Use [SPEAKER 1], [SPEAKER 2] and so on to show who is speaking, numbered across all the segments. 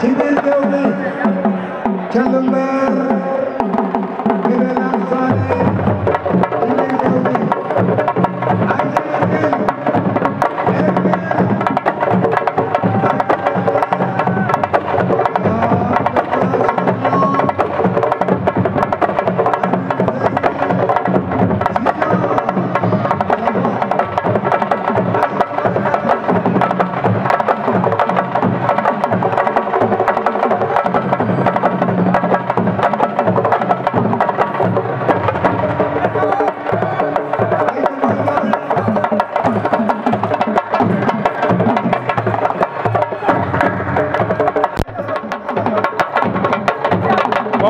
[SPEAKER 1] ci biir teew bi ca Ndoumbe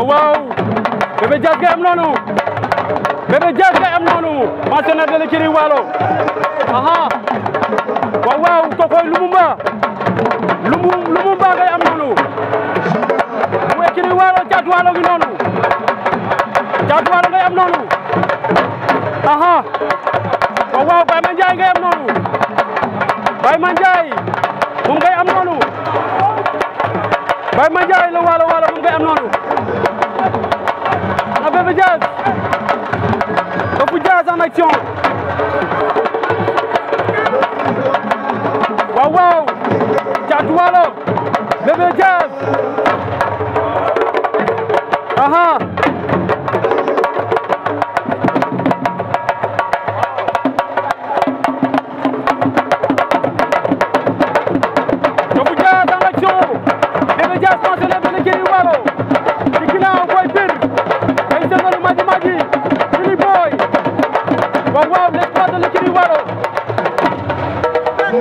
[SPEAKER 1] waaw waaw bébé Diaz am noonu bébé Diaz Gueye am noonu partenaire de l'écurie Waalo aha waaw waaw kokoy Lumumba lumu Lumumba ngay am noonu mu écurie Waalo caat Waalo gi noonu caat Waalo ngay am noonu aha waaw waaw Baye Ma Ndiaye ngay am noonu Baye Ma Ndiaye moom am noonu Baye Ma la Waalo Waalo moom ngay am noonu Feu Diaz Feu Diaz en action waaw waaw Caatu Waalo Bébé Diaz aha Feu Diaz en action Bébé Diaz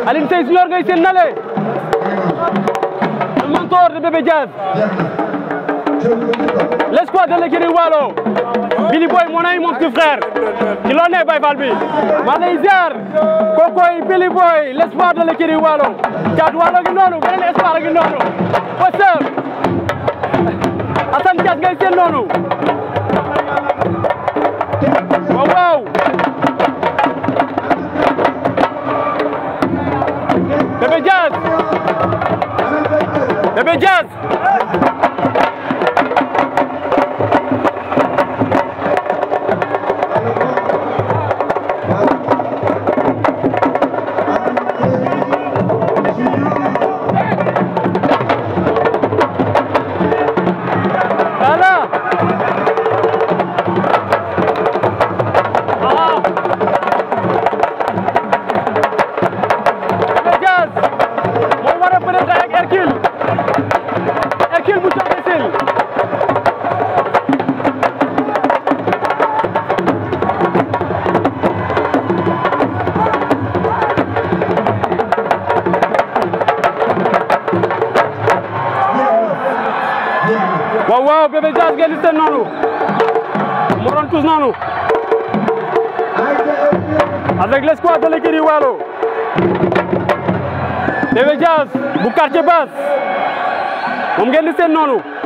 [SPEAKER 1] Alioune Seye Junior ngay seen nale mentor de Bébé Diaz l'espoir de l'équipe Waalo Billy Boy mon ami mon petit frère ci loo ne Baye Fall bi maa lay ziar kookoy Billy Boy l'espoir de l'équipe Waalo Caatu Waalo gi noonu beneen espoir gi noonu Assane Diaz ngay seen noonu Bébé Diaz bëre tey ak Hercule Hercule bu Cap Escale waaw waaw Bébé Diaz ngeen di seen noonu mu doon tous noonu avec l'espoir de l'équipe Waalo Bébé Diaz bu quartier Basse moom ngeen di seen noonu